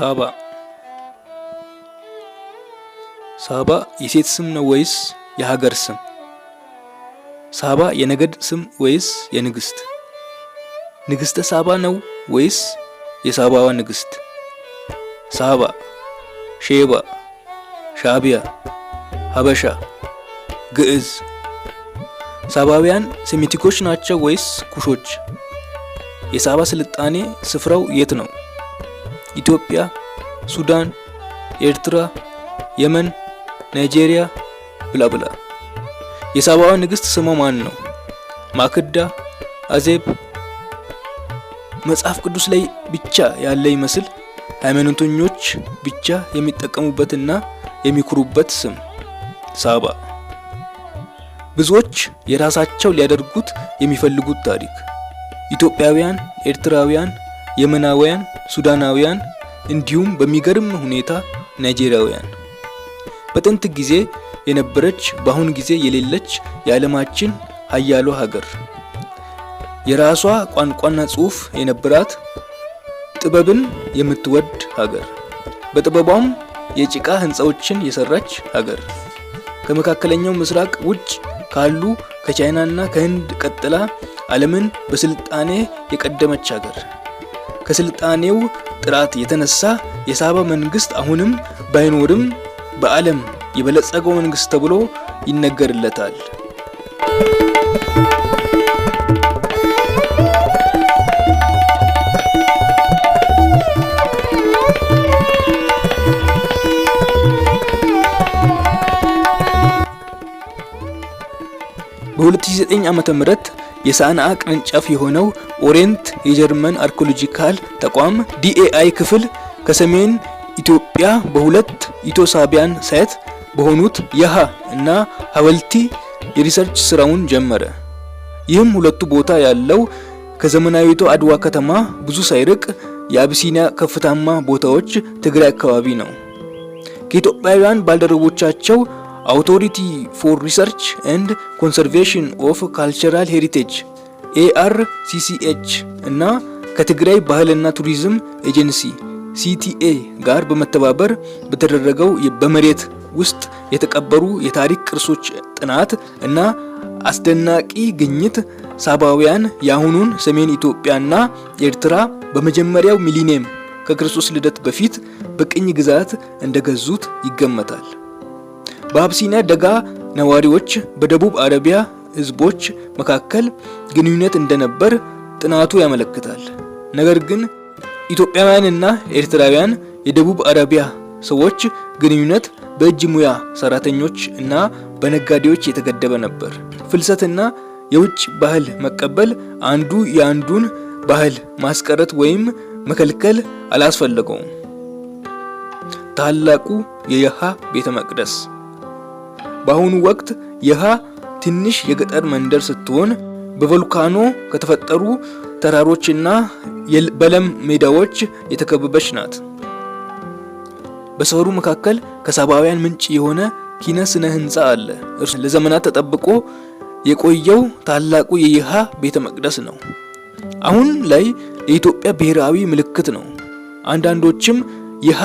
ሳባ ሳባ የሴት ስም ነው ወይስ የሀገር ስም? ሳባ የነገድ ስም ወይስ የንግስት? ንግስተ ሳባ ነው ወይስ የሳባዋ ንግስት? ሳባ፣ ሼባ፣ ሻቢያ፣ ሀበሻ፣ ግዕዝ። ሳባውያን ሴሚቲኮች ናቸው ወይስ ኩሾች? የሳባ ስልጣኔ ስፍራው የት ነው? ኢትዮጵያ፣ ሱዳን፣ ኤርትራ፣ የመን፣ ናይጄሪያ ብላ ብላ። የሳባዋ ንግስት ስሟ ማን ነው? ማክዳ፣ አዜብ። መጽሐፍ ቅዱስ ላይ ብቻ ያለ ይመስል ሃይማኖተኞች ብቻ የሚጠቀሙበትና የሚኩሩበት ስም ሳባ። ብዙዎች የራሳቸው ሊያደርጉት የሚፈልጉት ታሪክ ኢትዮጵያውያን፣ ኤርትራውያን የመናውያን፣ ሱዳናውያን እንዲሁም በሚገርም ሁኔታ ናይጄሪያውያን በጥንት ጊዜ የነበረች በአሁን ጊዜ የሌለች የዓለማችን ሀያሏ ሀገር የራሷ ቋንቋና ጽሑፍ የነበራት ጥበብን የምትወድ ሀገር በጥበቧም የጭቃ ህንፃዎችን የሰራች ሀገር ከመካከለኛው ምስራቅ ውጭ ካሉ ከቻይናና ከህንድ ቀጥላ ዓለምን በስልጣኔ የቀደመች ሀገር ከስልጣኔው ጥራት የተነሳ የሳባ መንግስት አሁንም ባይኖርም በዓለም የበለጸገው መንግስት ተብሎ ይነገርለታል። በ2009 ዓ.ም የሳንአ ቅርንጫፍ የሆነው ኦሬንት የጀርመን አርኪኦሎጂካል ተቋም ዲኤአይ ክፍል ከሰሜን ኢትዮጵያ በሁለት ኢትዮ ሳቢያን ሳይት በሆኑት የሃ እና ሀበልቲ የሪሰርች ስራውን ጀመረ። ይህም ሁለቱ ቦታ ያለው ከዘመናዊቱ አድዋ ከተማ ብዙ ሳይርቅ የአብሲኒያ ከፍታማ ቦታዎች ትግራይ አካባቢ ነው። ከኢትዮጵያውያን ባልደረቦቻቸው አውቶሪቲ ፎር ሪሰርች ኤንድ ኮንሰርቬሽን ኦፍ ካልቸራል ሄሪቴጅ ኤአርሲሲኤች እና ከትግራይ ባህልና ቱሪዝም ኤጀንሲ ሲቲኤ ጋር በመተባበር በተደረገው በመሬት ውስጥ የተቀበሩ የታሪክ ቅርሶች ጥናት እና አስደናቂ ግኝት ሳባውያን የአሁኑን ሰሜን ኢትዮጵያና ኤርትራ በመጀመሪያው ሚሊኒየም ከክርስቶስ ልደት በፊት በቅኝ ግዛት እንደገዙት ይገመታል። በአብሲኒያ ደጋ ነዋሪዎች በደቡብ አረቢያ ህዝቦች መካከል ግንኙነት እንደነበር ጥናቱ ያመለክታል። ነገር ግን ኢትዮጵያውያንና ኤርትራውያን የደቡብ አረቢያ ሰዎች ግንኙነት በእጅ ሙያ ሰራተኞች እና በነጋዴዎች የተገደበ ነበር። ፍልሰትና የውጭ ባህል መቀበል አንዱ የአንዱን ባህል ማስቀረት ወይም መከልከል አላስፈለገውም። ታላቁ የየሃ ቤተ መቅደስ በአሁኑ ወቅት የሃ ትንሽ የገጠር መንደር ስትሆን በቮልካኖ ከተፈጠሩ ተራሮችና በለም ሜዳዎች የተከበበች ናት። በሰፈሩ መካከል ከሳባውያን ምንጭ የሆነ ኪነ ስነ ህንፃ አለ። እርሱ ለዘመናት ተጠብቆ የቆየው ታላቁ የይሃ ቤተ መቅደስ ነው። አሁን ላይ የኢትዮጵያ ብሔራዊ ምልክት ነው። አንዳንዶችም ይሃ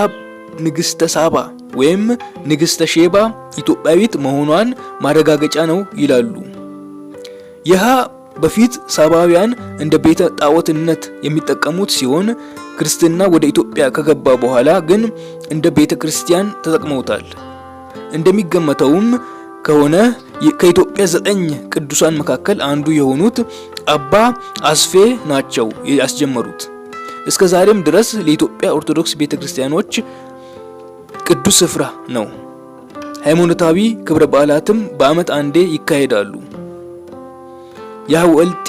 ንግስተ ሳባ ወይም ንግስተ ሼባ ኢትዮጵያዊት መሆኗን ማረጋገጫ ነው ይላሉ። ይሃ በፊት ሳባውያን እንደ ቤተ ጣዖትነት የሚጠቀሙት ሲሆን ክርስትና ወደ ኢትዮጵያ ከገባ በኋላ ግን እንደ ቤተ ክርስቲያን ተጠቅመውታል። እንደሚገመተውም ከሆነ ከኢትዮጵያ ዘጠኝ ቅዱሳን መካከል አንዱ የሆኑት አባ አስፌ ናቸው ያስጀመሩት። እስከ ዛሬም ድረስ ለኢትዮጵያ ኦርቶዶክስ ቤተክርስቲያኖች ቅዱስ ስፍራ ነው። ሃይማኖታዊ ክብረ በዓላትም በዓመት አንዴ ይካሄዳሉ። የሐወልጢ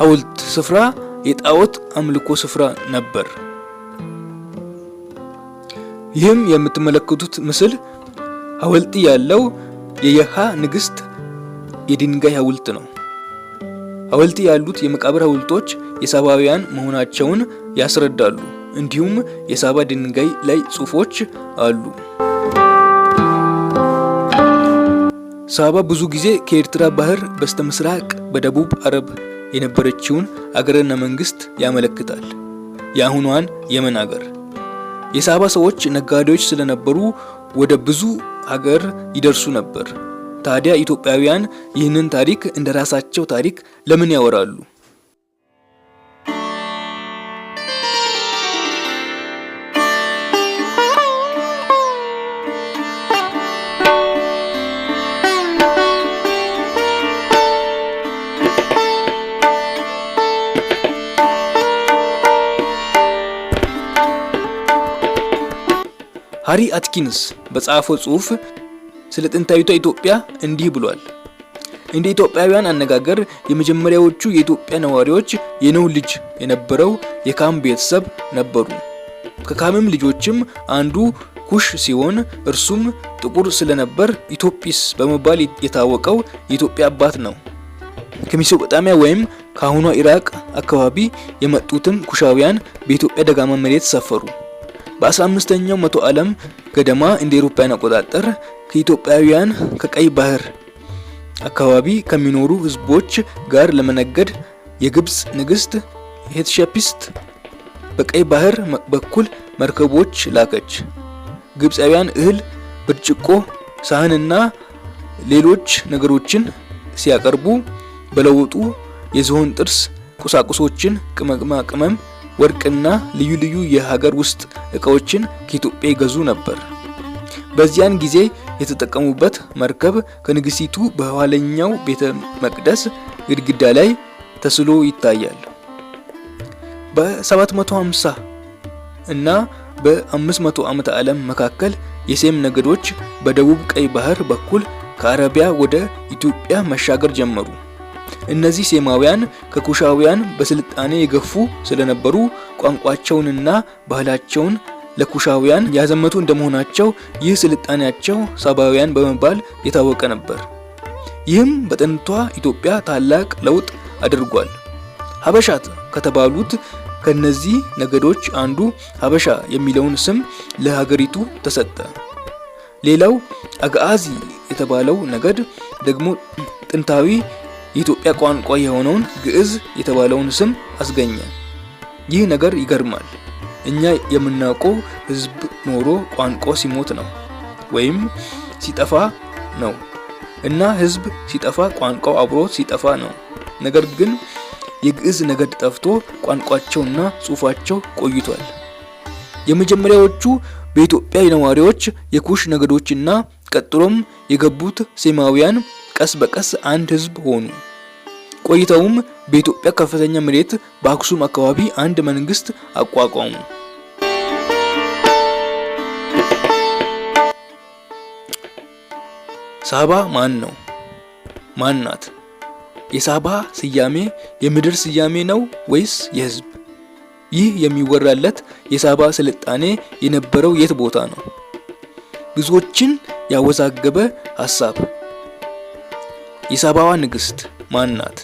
ሐውልት ስፍራ የጣዖት አምልኮ ስፍራ ነበር። ይህም የምትመለከቱት ምስል ሐወልጢ ያለው የየሃ ንግስት የድንጋይ ሐውልት ነው። ሐወልጢ ያሉት የመቃብር ሐውልቶች የሳባውያን መሆናቸውን ያስረዳሉ። እንዲሁም የሳባ ድንጋይ ላይ ጽሑፎች አሉ። ሳባ ብዙ ጊዜ ከኤርትራ ባህር በስተምስራቅ በደቡብ አረብ የነበረችውን አገርና መንግስት ያመለክታል። የአሁኗን የመን አገር። የሳባ ሰዎች ነጋዴዎች ስለነበሩ ወደ ብዙ ሀገር ይደርሱ ነበር። ታዲያ ኢትዮጵያውያን ይህንን ታሪክ እንደ ራሳቸው ታሪክ ለምን ያወራሉ? ሃሪ አትኪንስ በጻፈው ጽሁፍ ስለ ጥንታዊቷ ኢትዮጵያ እንዲህ ብሏል። እንደ ኢትዮጵያውያን አነጋገር የመጀመሪያዎቹ የኢትዮጵያ ነዋሪዎች የነው ልጅ የነበረው የካም ቤተሰብ ነበሩ። ከካምም ልጆችም አንዱ ኩሽ ሲሆን እርሱም ጥቁር ስለነበር ኢትዮጲስ በመባል የታወቀው የኢትዮጵያ አባት ነው። ከሜሶጶጣሚያ ወይም ከአሁኗ ኢራቅ አካባቢ የመጡትም ኩሻውያን በኢትዮጵያ ደጋማ መሬት ሰፈሩ። በ15ኛው መቶ ዓለም ገደማ እንደ አውሮፓውያን አቆጣጠር ከኢትዮጵያውያን ከቀይ ባህር አካባቢ ከሚኖሩ ህዝቦች ጋር ለመነገድ የግብፅ ንግስት ሄትሸፒስት በቀይ ባህር በኩል መርከቦች ላከች። ግብፃውያን እህል፣ ብርጭቆ፣ ሳህንና ሌሎች ነገሮችን ሲያቀርቡ በለውጡ የዝሆን ጥርስ ቁሳቁሶችን፣ ቅመማ ቅመም ወርቅና ልዩ ልዩ የሀገር ውስጥ ዕቃዎችን ከኢትዮጵያ ይገዙ ነበር። በዚያን ጊዜ የተጠቀሙበት መርከብ ከንግስቲቱ በኋለኛው ቤተ መቅደስ ግድግዳ ላይ ተስሎ ይታያል። በ750 እና በ500 ዓመተ ዓለም መካከል የሴም ነገዶች በደቡብ ቀይ ባህር በኩል ከአረቢያ ወደ ኢትዮጵያ መሻገር ጀመሩ። እነዚህ ሴማውያን ከኩሻውያን በስልጣኔ የገፉ ስለነበሩ ቋንቋቸውንና ባህላቸውን ለኩሻውያን ያዘመቱ እንደመሆናቸው ይህ ስልጣኔያቸው ሳባውያን በመባል የታወቀ ነበር። ይህም በጥንቷ ኢትዮጵያ ታላቅ ለውጥ አድርጓል። ሀበሻት ከተባሉት ከነዚህ ነገዶች አንዱ ሀበሻ የሚለውን ስም ለሀገሪቱ ተሰጠ። ሌላው አግአዚ የተባለው ነገድ ደግሞ ጥንታዊ የኢትዮጵያ ቋንቋ የሆነውን ግዕዝ የተባለውን ስም አስገኘ። ይህ ነገር ይገርማል። እኛ የምናውቀው ሕዝብ ኖሮ ቋንቋ ሲሞት ነው ወይም ሲጠፋ ነው እና ሕዝብ ሲጠፋ ቋንቋው አብሮ ሲጠፋ ነው። ነገር ግን የግዕዝ ነገድ ጠፍቶ ቋንቋቸውና ጽሑፋቸው ቆይቷል። የመጀመሪያዎቹ በኢትዮጵያ ነዋሪዎች የኩሽ ነገዶችና ቀጥሎም የገቡት ሴማውያን ቀስ በቀስ አንድ ህዝብ ሆኑ። ቆይተውም በኢትዮጵያ ከፍተኛ መሬት በአክሱም አካባቢ አንድ መንግስት አቋቋሙ። ሳባ ማን ነው? ማን ናት? የሳባ ስያሜ የምድር ስያሜ ነው ወይስ የህዝብ? ይህ የሚወራለት የሳባ ስልጣኔ የነበረው የት ቦታ ነው? ብዙዎችን ያወዛገበ ሀሳብ። የሳባዋ ንግስት ማን ናት?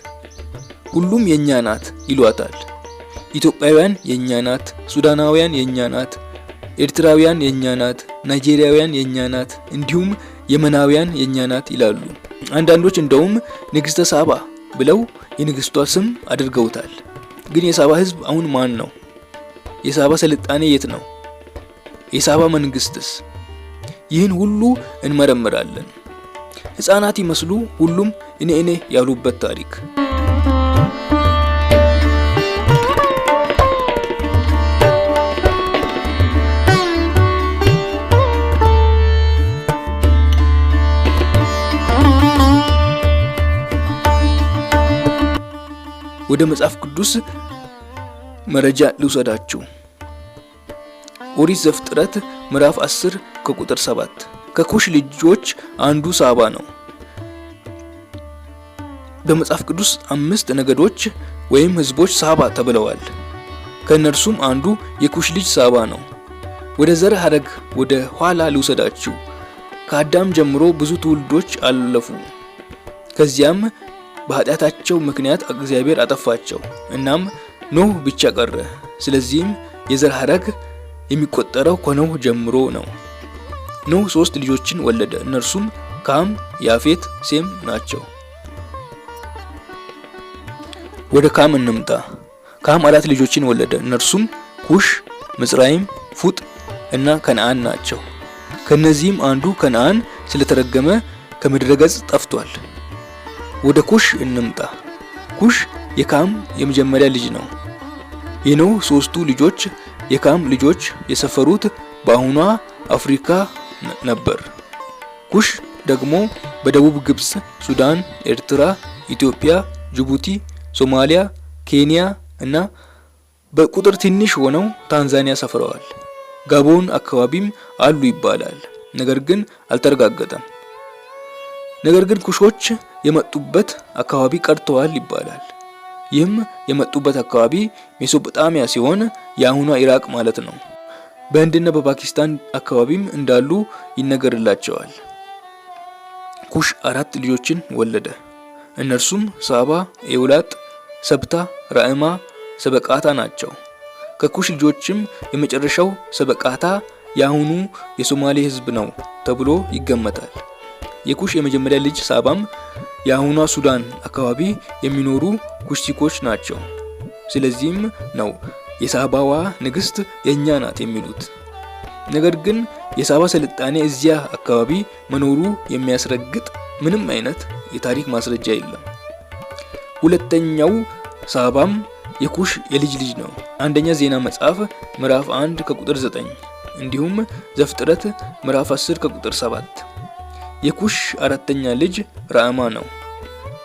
ሁሉም የእኛ ናት ይሏታል። ኢትዮጵያውያን የእኛ ናት፣ ሱዳናውያን የእኛ ናት፣ ኤርትራውያን የእኛ ናት፣ ናይጄሪያውያን የእኛ ናት፣ እንዲሁም የመናውያን የእኛ ናት ይላሉ። አንዳንዶች እንደውም ንግስተ ሳባ ብለው የንግስቷ ስም አድርገውታል። ግን የሳባ ህዝብ አሁን ማን ነው? የሳባ ስልጣኔ የት ነው? የሳባ መንግስትስ? ይህን ሁሉ እንመረምራለን። ህፃናት ይመስሉ ሁሉም እኔ እኔ ያሉበት ታሪክ ወደ መጽሐፍ ቅዱስ መረጃ ልውሰዳችሁ። ኦሪት ዘፍጥረት ምዕራፍ 10 ከቁጥር 7 ከኩሽ ልጆች አንዱ ሳባ ነው። በመጽሐፍ ቅዱስ አምስት ነገዶች ወይም ህዝቦች ሳባ ተብለዋል። ከእነርሱም አንዱ የኩሽ ልጅ ሳባ ነው። ወደ ዘር ሐረግ ወደ ኋላ ልውሰዳችሁ። ከአዳም ጀምሮ ብዙ ትውልዶች አለፉ። ከዚያም በኃጢአታቸው ምክንያት እግዚአብሔር አጠፋቸው። እናም ኖህ ብቻ ቀረ። ስለዚህም የዘር ሐረግ የሚቆጠረው ከኖህ ጀምሮ ነው። ኖህ ሶስት ልጆችን ወለደ። እነርሱም ካም፣ ያፌት፣ ሴም ናቸው። ወደ ካም እንምጣ። ካም አራት ልጆችን ወለደ። እነርሱም ኩሽ፣ ምጽራይም፣ ፉጥ እና ከነአን ናቸው። ከነዚህም አንዱ ከነአን ስለተረገመ ከምድረ ገጽ ጠፍቷል። ወደ ኩሽ እንምጣ። ኩሽ የካም የመጀመሪያ ልጅ ነው። የኖህ ሶስቱ ልጆች የካም ልጆች የሰፈሩት በአሁኗ አፍሪካ ነበር። ኩሽ ደግሞ በደቡብ ግብጽ፣ ሱዳን፣ ኤርትራ፣ ኢትዮጵያ፣ ጅቡቲ፣ ሶማሊያ፣ ኬንያ እና በቁጥር ትንሽ ሆነው ታንዛኒያ ሰፍረዋል። ጋቦን አካባቢም አሉ ይባላል፣ ነገር ግን አልተረጋገጠም። ነገር ግን ኩሾች የመጡበት አካባቢ ቀርተዋል ይባላል። ይህም የመጡበት አካባቢ ሜሶጶጣሚያ ሲሆን የአሁኗ ኢራቅ ማለት ነው። በህንድና በፓኪስታን አካባቢም እንዳሉ ይነገርላቸዋል። ኩሽ አራት ልጆችን ወለደ። እነርሱም ሳባ፣ ኤውላጥ፣ ሰብታ፣ ራእማ፣ ሰበቃታ ናቸው። ከኩሽ ልጆችም የመጨረሻው ሰበቃታ የአሁኑ የሶማሌ ህዝብ ነው ተብሎ ይገመታል። የኩሽ የመጀመሪያ ልጅ ሳባም የአሁኗ ሱዳን አካባቢ የሚኖሩ ኩሽቲኮች ናቸው። ስለዚህም ነው የሳባዋ ንግስት የእኛ ናት የሚሉት። ነገር ግን የሳባ ስልጣኔ እዚያ አካባቢ መኖሩ የሚያስረግጥ ምንም አይነት የታሪክ ማስረጃ የለም። ሁለተኛው ሳባም የኩሽ የልጅ ልጅ ነው። አንደኛ ዜና መጽሐፍ ምዕራፍ 1 ከቁጥር 9 እንዲሁም ዘፍጥረት ምዕራፍ 10 ከቁጥር 7 የኩሽ አራተኛ ልጅ ራማ ነው።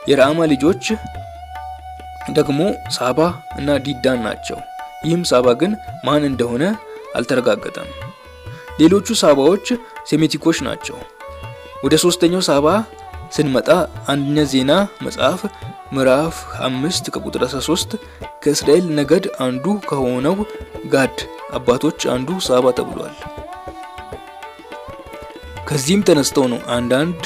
የራማ ልጆች ደግሞ ሳባ እና ዲዳን ናቸው። ይህም ሳባ ግን ማን እንደሆነ አልተረጋገጠም። ሌሎቹ ሳባዎች ሴሜቲኮች ናቸው። ወደ ሶስተኛው ሳባ ስንመጣ አንደኛ ዜና መጽሐፍ ምዕራፍ 5 ከቁጥር 13 ከእስራኤል ነገድ አንዱ ከሆነው ጋድ አባቶች አንዱ ሳባ ተብሏል። ከዚህም ተነስተው ነው አንዳንድ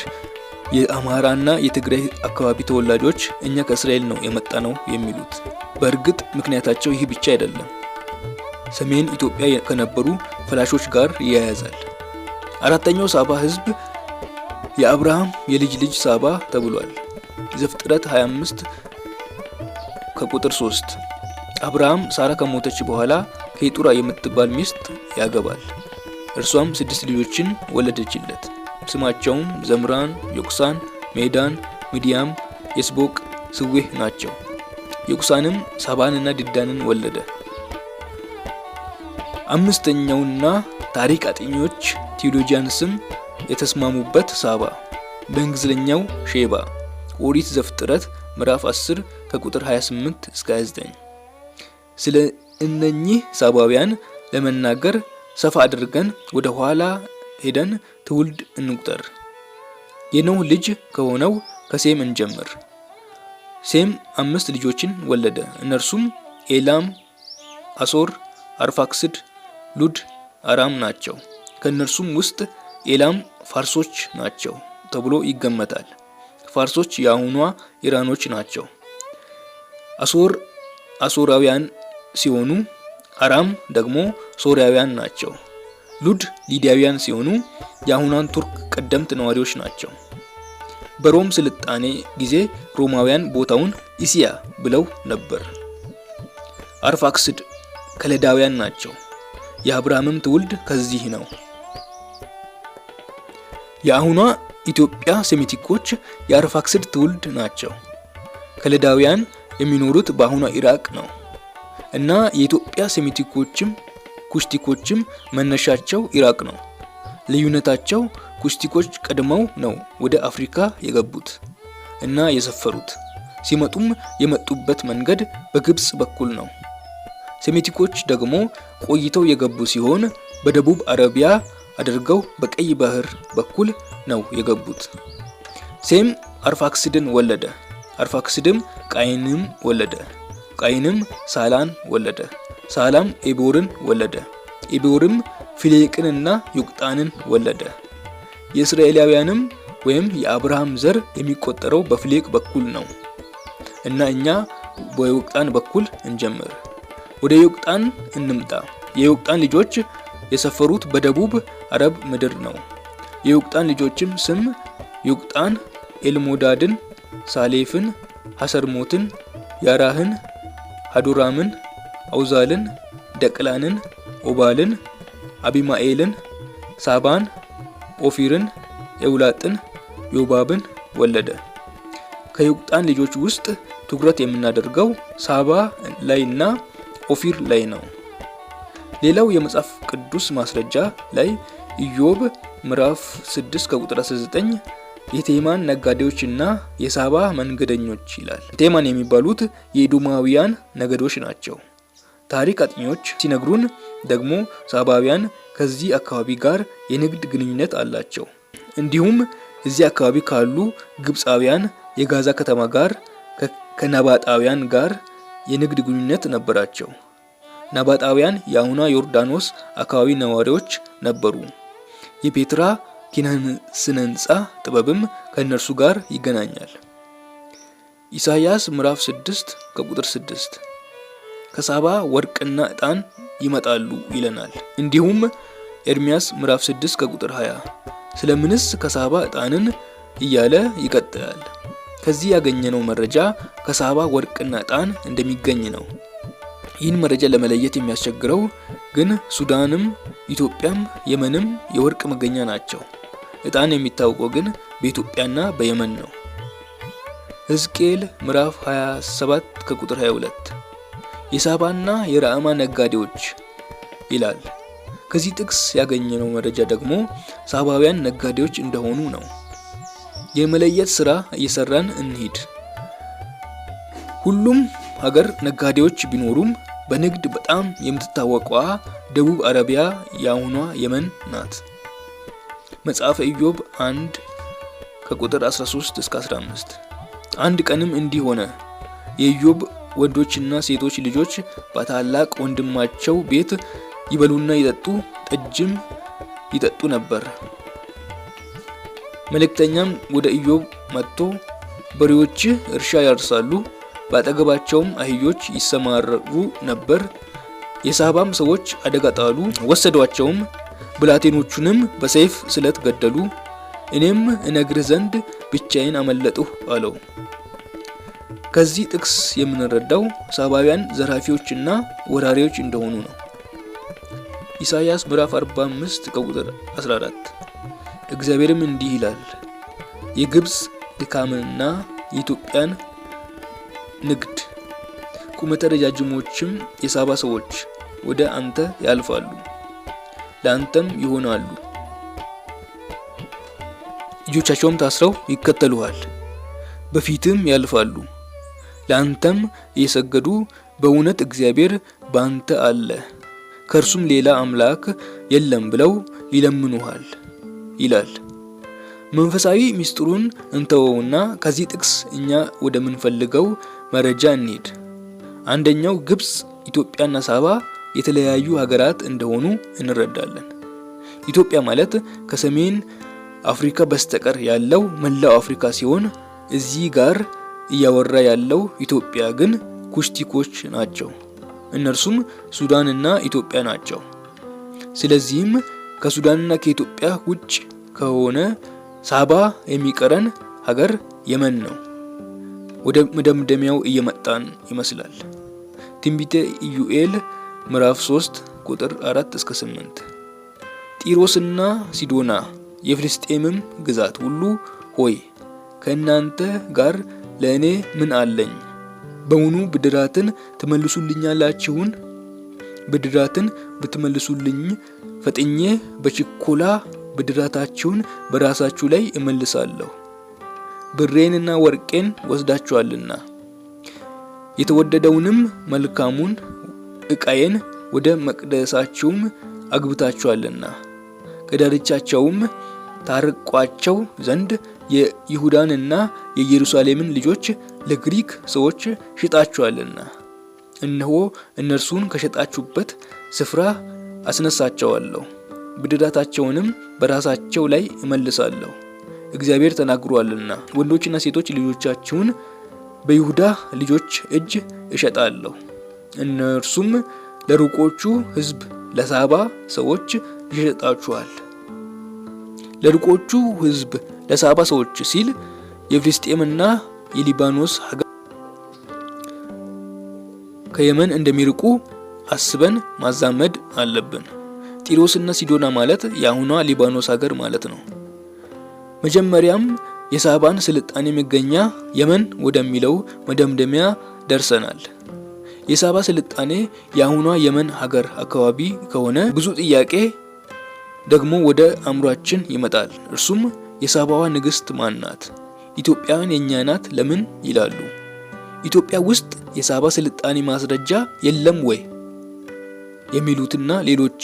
የአማራና የትግራይ አካባቢ ተወላጆች እኛ ከእስራኤል ነው የመጣ ነው የሚሉት። በእርግጥ ምክንያታቸው ይህ ብቻ አይደለም። ሰሜን ኢትዮጵያ ከነበሩ ፈላሾች ጋር ይያያዛል። አራተኛው ሳባ ህዝብ የአብርሃም የልጅ ልጅ ሳባ ተብሏል። ዘፍጥረት 25 ከቁጥር 3 አብርሃም ሳራ ከሞተች በኋላ ኬጡራ የምትባል ሚስት ያገባል። እርሷም ስድስት ልጆችን ወለደችለት። ስማቸውም ዘምራን፣ ዮቅሳን፣ ሜዳን፣ ሚዲያም፣ የስቦቅ፣ ስዌህ ናቸው። ዮቅሳንም ሳባንና ድዳንን ወለደ። አምስተኛውና ታሪክ አጥኚዎች ስም የተስማሙበት ሳባ በእንግዝለኛው ሼባ ኦሪት ዘፍጥረት ምዕራፍ 10 ከቁጥር 28 እስከ 29 ስለ እነኚህ ሳባውያን ለመናገር ሰፋ አድርገን ወደ ኋላ ሄደን ትውልድ እንቁጠር። የኖህ ልጅ ከሆነው ከሴም እንጀምር። ሴም አምስት ልጆችን ወለደ። እነርሱም ኤላም፣ አሶር፣ አርፋክስድ፣ ሉድ፣ አራም ናቸው። ከእነርሱም ውስጥ ኤላም ፋርሶች ናቸው ተብሎ ይገመታል። ፋርሶች የአሁኗ ኢራኖች ናቸው። አሶር አሶራውያን ሲሆኑ አራም ደግሞ ሶሪያውያን ናቸው። ሉድ ሊዲያውያን ሲሆኑ የአሁኗን ቱርክ ቀደምት ነዋሪዎች ናቸው። በሮም ስልጣኔ ጊዜ ሮማውያን ቦታውን ኢሲያ ብለው ነበር። አርፋክስድ ከለዳውያን ናቸው። የአብርሃምም ትውልድ ከዚህ ነው። የአሁኗ ኢትዮጵያ ሴሜቲኮች የአርፋክስድ ትውልድ ናቸው። ከለዳውያን የሚኖሩት በአሁኗ ኢራቅ ነው። እና የኢትዮጵያ ሴሚቲኮችም ኩሽቲኮችም መነሻቸው ኢራቅ ነው። ልዩነታቸው ኩሽቲኮች ቀድመው ነው ወደ አፍሪካ የገቡት እና የሰፈሩት። ሲመጡም የመጡበት መንገድ በግብፅ በኩል ነው። ሴሜቲኮች ደግሞ ቆይተው የገቡ ሲሆን በደቡብ አረቢያ አድርገው በቀይ ባህር በኩል ነው የገቡት። ሴም አርፋክስድን ወለደ። አርፋክስድም ቃይንም ወለደ። ቃይንም ሳላን ወለደ። ሳላም ኤቦርን ወለደ። ኤቦርም ፊሌቅንና ዮቅጣንን ወለደ። የእስራኤላውያንም ወይም የአብርሃም ዘር የሚቆጠረው በፍሌቅ በኩል ነው እና እኛ በዮቅጣን በኩል እንጀምር። ወደ ዮቅጣን እንምጣ። የዮቅጣን ልጆች የሰፈሩት በደቡብ አረብ ምድር ነው። የዮቅጣን ልጆችም ስም ዮቅጣን ኤልሞዳድን፣ ሳሌፍን፣ ሐሰርሞትን፣ ያራህን ሀዱራምን፣ አውዛልን፣ ደቅላንን፣ ኦባልን፣ አቢማኤልን፣ ሳባን፣ ኦፊርን፣ ኤውላጥን፣ ዮባብን ወለደ። ከዮቅጣን ልጆች ውስጥ ትኩረት የምናደርገው ሳባ ላይና ኦፊር ላይ ነው። ሌላው የመጽሐፍ ቅዱስ ማስረጃ ላይ ኢዮብ ምዕራፍ 6 ከቁጥር 19 የቴማን ነጋዴዎች እና የሳባ መንገደኞች ይላል። ቴማን የሚባሉት የኢዱማውያን ነገዶች ናቸው። ታሪክ አጥኚዎች ሲነግሩን ደግሞ ሳባውያን ከዚህ አካባቢ ጋር የንግድ ግንኙነት አላቸው። እንዲሁም እዚህ አካባቢ ካሉ ግብፃውያን የጋዛ ከተማ ጋር ከነባጣውያን ጋር የንግድ ግንኙነት ነበራቸው። ነባጣውያን የአሁኗ ዮርዳኖስ አካባቢ ነዋሪዎች ነበሩ። የፔትራ ኪነን ስነ ጥበብም ከእነርሱ ጋር ይገናኛል። ኢሳይያስ ምዕራፍ 6 ከቁጥር 6 ከሳባ ወርቅና ዕጣን ይመጣሉ ይለናል። እንዲሁም ኤርሚያስ ምዕራፍ 6 ከቁጥር 20 ስለምንስ ከሳባ ዕጣንን እያለ ይቀጥላል። ከዚህ ያገኘነው መረጃ ከሳባ ወርቅና ዕጣን እንደሚገኝ ነው። ይህን መረጃ ለመለየት የሚያስቸግረው ግን ሱዳንም፣ ኢትዮጵያም፣ የመንም የወርቅ መገኛ ናቸው። ዕጣን የሚታወቀው ግን በኢትዮጵያና በየመን ነው። ሕዝቅኤል ምዕራፍ 27 ከቁጥር 22 የሳባና የራዕማ ነጋዴዎች ይላል። ከዚህ ጥቅስ ያገኘነው መረጃ ደግሞ ሳባውያን ነጋዴዎች እንደሆኑ ነው። የመለየት ስራ እየሰራን እንሂድ። ሁሉም ሀገር ነጋዴዎች ቢኖሩም በንግድ በጣም የምትታወቀዋ ደቡብ አረቢያ የአሁኗ የመን ናት። መጽሐፈ ኢዮብ 1 ከቁጥር 13 እስከ 15። አንድ ቀንም እንዲህ ሆነ፣ የኢዮብ ወንዶችና ሴቶች ልጆች በታላቅ ወንድማቸው ቤት ይበሉና ይጠጡ፣ ጠጅም ይጠጡ ነበር። መልእክተኛም ወደ ኢዮብ መጥቶ በሬዎች እርሻ ያርሳሉ፣ በአጠገባቸውም አህዮች ይሰማሩ ነበር። የሳባም ሰዎች አደጋ ጣሉ፣ ወሰዷቸውም ብላቴኖቹንም በሰይፍ ስለት ገደሉ። እኔም እነግርህ ዘንድ ብቻዬን አመለጥሁ አለው። ከዚህ ጥቅስ የምንረዳው ሳባውያን ዘራፊዎችና ወራሪዎች እንደሆኑ ነው። ኢሳይያስ ምዕራፍ 45 ከቁጥር 14 እግዚአብሔርም እንዲህ ይላል፣ የግብፅ ድካምንና የኢትዮጵያን ንግድ ቁመተ ረጃጅሞችም የሳባ ሰዎች ወደ አንተ ያልፋሉ ለአንተም ይሆናሉ። ልጆቻቸውም ታስረው ይከተሉሃል፣ በፊትም ያልፋሉ። ለአንተም እየሰገዱ በእውነት እግዚአብሔር በአንተ አለ፣ ከእርሱም ሌላ አምላክ የለም ብለው ይለምኑሃል ይላል። መንፈሳዊ ምስጢሩን እንተወውና ከዚህ ጥቅስ እኛ ወደምንፈልገው መረጃ እንሂድ። አንደኛው ግብፅ፣ ኢትዮጵያና ሳባ የተለያዩ ሀገራት እንደሆኑ እንረዳለን። ኢትዮጵያ ማለት ከሰሜን አፍሪካ በስተቀር ያለው መላው አፍሪካ ሲሆን እዚህ ጋር እያወራ ያለው ኢትዮጵያ ግን ኩሽቲኮች ናቸው። እነርሱም ሱዳንና ኢትዮጵያ ናቸው። ስለዚህም ከሱዳንና ከኢትዮጵያ ውጭ ከሆነ ሳባ የሚቀረን ሀገር የመን ነው። ወደ መደምደሚያው እየመጣን ይመስላል። ትንቢተ ኢዩኤል ምዕራፍ 3 ቁጥር 4 እስከ 8 ጢሮስና ሲዶና የፍልስጤምም ግዛት ሁሉ ሆይ ከእናንተ ጋር ለእኔ ምን አለኝ? በውኑ ብድራትን ትመልሱልኛላችሁን? ብድራትን ብትመልሱልኝ ፈጥኜ በችኮላ ብድራታችሁን በራሳችሁ ላይ እመልሳለሁ። ብሬንና ወርቄን ወስዳችኋልና የተወደደውንም መልካሙን ዕቃዬን ወደ መቅደሳችሁም አግብታችኋልና ከዳርቻቸውም ታርቋቸው ዘንድ የይሁዳንና የኢየሩሳሌምን ልጆች ለግሪክ ሰዎች ሽጣችኋልና እነሆ እነርሱን ከሸጣችሁበት ስፍራ አስነሳቸዋለሁ፣ ብድራታቸውንም በራሳቸው ላይ እመልሳለሁ፣ እግዚአብሔር ተናግሯልና። ወንዶችና ሴቶች ልጆቻችሁን በይሁዳ ልጆች እጅ እሸጣለሁ። እነርሱም ለሩቆቹ ህዝብ ለሳባ ሰዎች ይሸጣችኋል። ለሩቆቹ ህዝብ ለሳባ ሰዎች ሲል የፍልስጤምና የሊባኖስ ሀገር ከየመን እንደሚርቁ አስበን ማዛመድ አለብን። ጢሮስና ሲዶና ማለት የአሁኗ ሊባኖስ ሀገር ማለት ነው። መጀመሪያም የሳባን ስልጣኔ መገኛ የመን ወደሚለው መደምደሚያ ደርሰናል። የሳባ ስልጣኔ የአሁኗ የመን ሀገር አካባቢ ከሆነ ብዙ ጥያቄ ደግሞ ወደ አእምሯችን ይመጣል። እርሱም የሳባዋ ንግስት ማን ናት? ኢትዮጵያውያን የእኛ ናት ለምን ይላሉ። ኢትዮጵያ ውስጥ የሳባ ስልጣኔ ማስረጃ የለም ወይ የሚሉትና ሌሎች።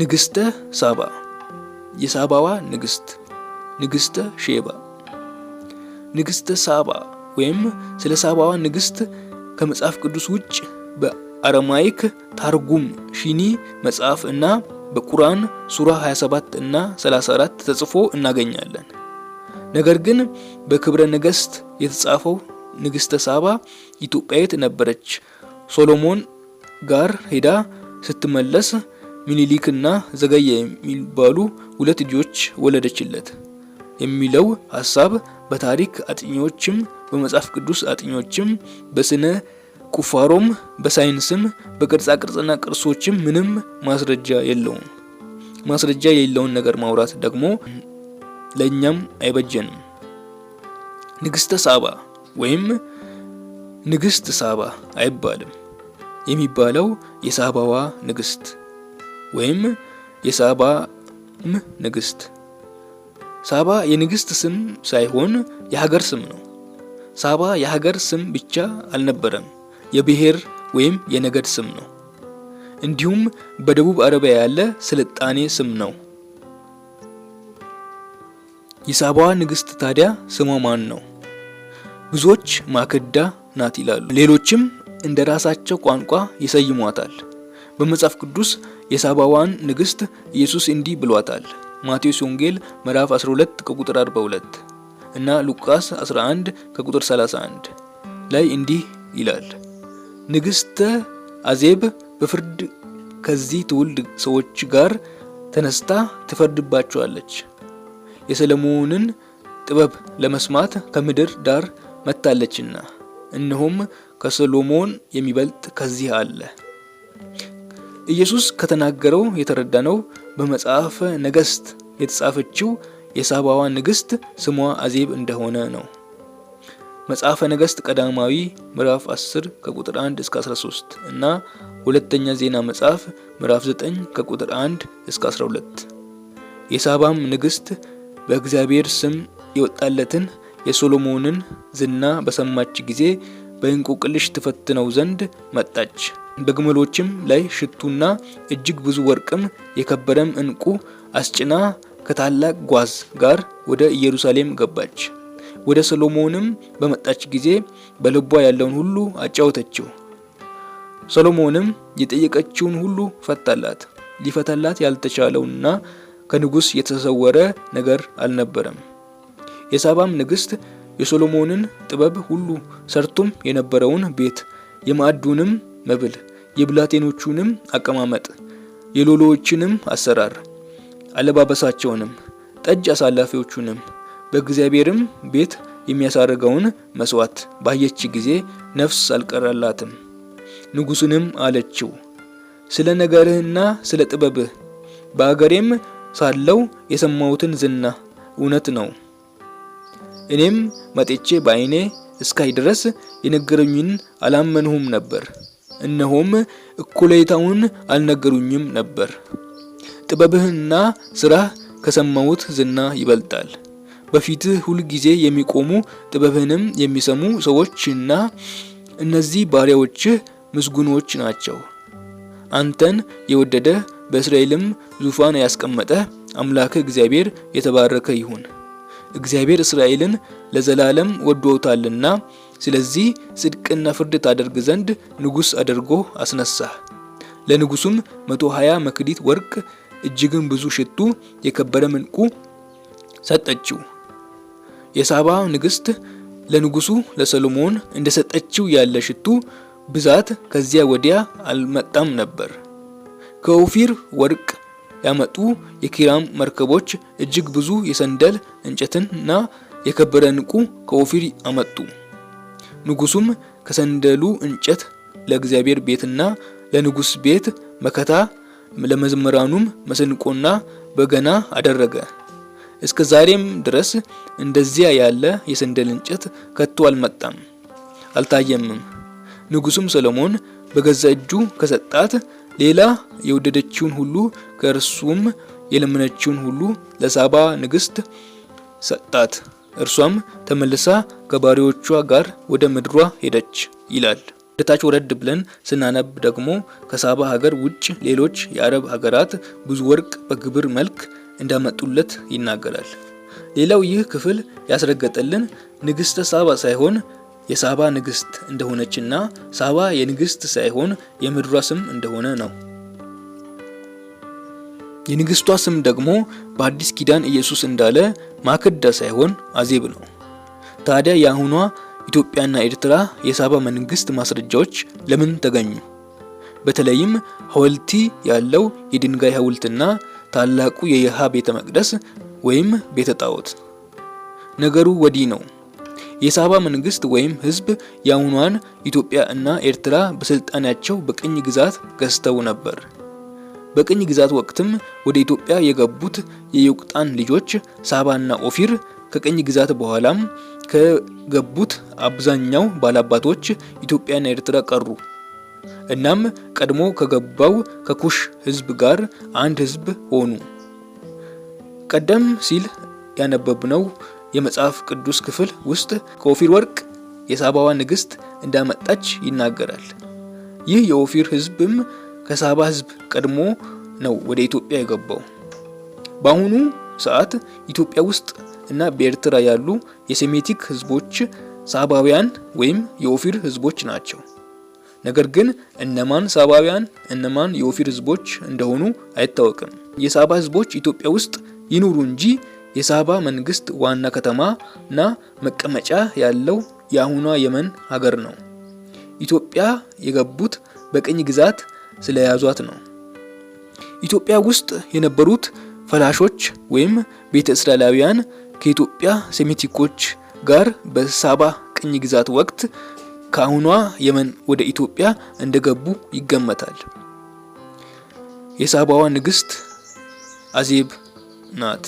ንግስተ ሳባ፣ የሳባዋ ንግስት፣ ንግስተ ሼባ፣ ንግስተ ሳባ ወይም ስለ ሳባዋ ንግስት ከመጽሐፍ ቅዱስ ውጭ በአረማይክ ታርጉም ሺኒ መጽሐፍ እና በቁርአን ሱራ 27 እና 34 ተጽፎ እናገኛለን። ነገር ግን በክብረ ነገስት የተጻፈው ንግስተ ሳባ ኢትዮጵያዊት ነበረች። ሶሎሞን ጋር ሄዳ ስትመለስ ሚኒሊክና ዘገየ የሚባሉ ሁለት ልጆች ወለደችለት የሚለው ሀሳብ በታሪክ አጥኚዎችም በመጽሐፍ ቅዱስ አጥኚዎችም በስነ ቁፋሮም በሳይንስም በቅርጻ ቅርጽና ቅርሶችም ምንም ማስረጃ የለውም። ማስረጃ የሌለውን ነገር ማውራት ደግሞ ለእኛም አይበጀንም። ንግስተ ሳባ ወይም ንግስት ሳባ አይባልም። የሚባለው የሳባዋ ንግስት ወይም የሳባም ንግስት ሳባ የንግስት ስም ሳይሆን የሀገር ስም ነው። ሳባ የሀገር ስም ብቻ አልነበረም፣ የብሔር ወይም የነገድ ስም ነው። እንዲሁም በደቡብ አረቢያ ያለ ስልጣኔ ስም ነው። የሳባ ንግስት ታዲያ ስሟ ማን ነው? ብዙዎች ማክዳ ናት ይላሉ፣ ሌሎችም እንደ ራሳቸው ቋንቋ ይሰይሟታል። በመጽሐፍ ቅዱስ የሳባዋን ንግስት ኢየሱስ እንዲህ ብሏታል ማቴዎስ ወንጌል ምዕራፍ 12 ከቁጥር 42 እና ሉቃስ 11 ከቁጥር 31 ላይ እንዲህ ይላል። ንግሥተ አዜብ በፍርድ ከዚህ ትውልድ ሰዎች ጋር ተነስታ ትፈርድባቸዋለች። የሰለሞንን ጥበብ ለመስማት ከምድር ዳር መጥታለችና፣ እነሆም ከሰሎሞን የሚበልጥ ከዚህ አለ። ኢየሱስ ከተናገረው የተረዳ ነው። በመጽሐፈ ነገስት የተጻፈችው የሳባዋ ንግስት ስሟ አዜብ እንደሆነ ነው። መጽሐፈ ነገስት ቀዳማዊ ምዕራፍ 10 ከቁጥር 1 እስከ 13 እና ሁለተኛ ዜና መጽሐፍ ምዕራፍ 9 ከቁጥር 1 እስከ 12። የሳባም ንግስት በእግዚአብሔር ስም የወጣለትን የሶሎሞንን ዝና በሰማች ጊዜ በእንቁቅልሽ ትፈትነው ዘንድ መጣች። በግመሎችም ላይ ሽቱና እጅግ ብዙ ወርቅም የከበረም እንቁ አስጭና ከታላቅ ጓዝ ጋር ወደ ኢየሩሳሌም ገባች። ወደ ሰሎሞንም በመጣች ጊዜ በልቧ ያለውን ሁሉ አጫወተችው። ሰሎሞንም የጠየቀችውን ሁሉ ፈታላት። ሊፈታላት ያልተቻለውና ከንጉሥ የተሰወረ ነገር አልነበረም። የሳባም ንግሥት የሶሎሞንን ጥበብ ሁሉ ሰርቶም የነበረውን ቤት፣ የማዕዱንም መብል፣ የብላቴኖቹንም አቀማመጥ፣ የሎሎዎችንም አሰራር፣ አለባበሳቸውንም፣ ጠጅ አሳላፊዎቹንም፣ በእግዚአብሔርም ቤት የሚያሳርገውን መስዋዕት ባየች ጊዜ ነፍስ አልቀረላትም። ንጉሥንም አለችው ስለ ነገርህና ስለ ጥበብህ በአገሬም ሳለው የሰማሁትን ዝና እውነት ነው። እኔም መጤቼ በዓይኔ እስካይ ድረስ የነገሩኝን አላመንሁም ነበር። እነሆም እኩሌታውን አልነገሩኝም ነበር። ጥበብህና ስራህ ከሰማሁት ዝና ይበልጣል። በፊትህ ሁልጊዜ የሚቆሙ ጥበብህንም የሚሰሙ ሰዎችና እነዚህ ባሪያዎችህ ምስጉኖች ናቸው። አንተን የወደደ በእስራኤልም ዙፋን ያስቀመጠ አምላክህ እግዚአብሔር የተባረከ ይሁን። እግዚአብሔር እስራኤልን ለዘላለም ወዶታልና፣ ስለዚህ ጽድቅና ፍርድ ታደርግ ዘንድ ንጉሥ አድርጎ አስነሳህ። ለንጉሱም 120 መክዲት መክሊት ወርቅ እጅግን ብዙ ሽቱ የከበረ ምንቁ ሰጠችው። የሳባ ንግሥት ለንጉሱ ለሰሎሞን እንደሰጠችው ያለ ሽቱ ብዛት ከዚያ ወዲያ አልመጣም ነበር። ከኦፊር ወርቅ ያመጡ የኪራም መርከቦች እጅግ ብዙ የሰንደል እንጨትን እና የከበረ ንቁ ከኦፊር አመጡ። ንጉሱም ከሰንደሉ እንጨት ለእግዚአብሔር ቤትና ለንጉስ ቤት መከታ፣ ለመዘምራኑም መሰንቆና በገና አደረገ። እስከ ዛሬም ድረስ እንደዚያ ያለ የሰንደል እንጨት ከቶ አልመጣም፣ አልታየምም። ንጉሱም ሰሎሞን በገዛ እጁ ከሰጣት ሌላ የወደደችውን ሁሉ ከእርሱም የለመነችውን ሁሉ ለሳባ ንግስት ሰጣት። እርሷም ተመልሳ ከባሪዎቿ ጋር ወደ ምድሯ ሄደች ይላል። ወደታች ወረድ ብለን ስናነብ ደግሞ ከሳባ ሀገር ውጭ ሌሎች የአረብ ሀገራት ብዙ ወርቅ በግብር መልክ እንዳመጡለት ይናገራል። ሌላው ይህ ክፍል ያስረገጠልን ንግስተ ሳባ ሳይሆን የሳባ ንግስት እንደሆነችና ሳባ የንግስት ሳይሆን የምድሯ ስም እንደሆነ ነው። የንግስቷ ስም ደግሞ በአዲስ ኪዳን ኢየሱስ እንዳለ ማክዳ ሳይሆን አዜብ ነው። ታዲያ የአሁኗ ኢትዮጵያና ኤርትራ የሳባ መንግስት ማስረጃዎች ለምን ተገኙ? በተለይም ሐወልቲ ያለው የድንጋይ ሐውልትና ታላቁ የየሃ ቤተ መቅደስ ወይም ቤተ ጣዖት። ነገሩ ወዲህ ነው። የሳባ መንግስት ወይም ህዝብ የአሁኗን ኢትዮጵያ እና ኤርትራ በስልጣኔያቸው በቅኝ ግዛት ገዝተው ነበር። በቅኝ ግዛት ወቅትም ወደ ኢትዮጵያ የገቡት የዮቅጣን ልጆች ሳባና ኦፊር ከቅኝ ግዛት በኋላም ከገቡት አብዛኛው ባላባቶች ኢትዮጵያና ኤርትራ ቀሩ። እናም ቀድሞ ከገባው ከኩሽ ህዝብ ጋር አንድ ህዝብ ሆኑ። ቀደም ሲል ያነበብነው የመጽሐፍ ቅዱስ ክፍል ውስጥ ከኦፊር ወርቅ የሳባዋ ንግሥት እንዳመጣች ይናገራል። ይህ የኦፊር ህዝብም ከሳባ ህዝብ ቀድሞ ነው ወደ ኢትዮጵያ የገባው። በአሁኑ ሰዓት ኢትዮጵያ ውስጥ እና በኤርትራ ያሉ የሴሜቲክ ህዝቦች ሳባውያን ወይም የኦፊር ህዝቦች ናቸው። ነገር ግን እነማን ሳባውያን እነማን የኦፊር ህዝቦች እንደሆኑ አይታወቅም። የሳባ ህዝቦች ኢትዮጵያ ውስጥ ይኑሩ እንጂ የሳባ መንግስት ዋና ከተማና መቀመጫ ያለው የአሁኗ የመን ሀገር ነው። ኢትዮጵያ የገቡት በቅኝ ግዛት ስለያዟት ነው። ኢትዮጵያ ውስጥ የነበሩት ፈላሾች ወይም ቤተ እስራኤላውያን ከኢትዮጵያ ሴሜቲኮች ጋር በሳባ ቅኝ ግዛት ወቅት ከአሁኗ የመን ወደ ኢትዮጵያ እንደገቡ ይገመታል። የሳባዋ ንግስት አዜብ ናት።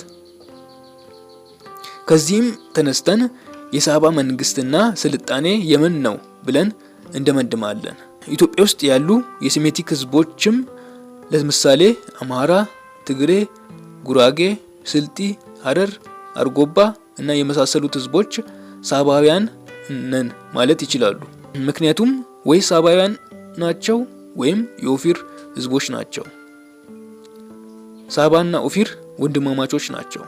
ከዚህም ተነስተን የሳባ መንግስትና ስልጣኔ የምን ነው ብለን እንደመድማለን። ኢትዮጵያ ውስጥ ያሉ የሴሜቲክ ህዝቦችም ለምሳሌ አማራ፣ ትግሬ፣ ጉራጌ፣ ስልጢ፣ ሀረር፣ አርጎባ እና የመሳሰሉት ህዝቦች ሳባውያን ነን ማለት ይችላሉ። ምክንያቱም ወይ ሳባውያን ናቸው ወይም የኦፊር ህዝቦች ናቸው። ሳባና ኦፊር ወንድማማቾች ናቸው።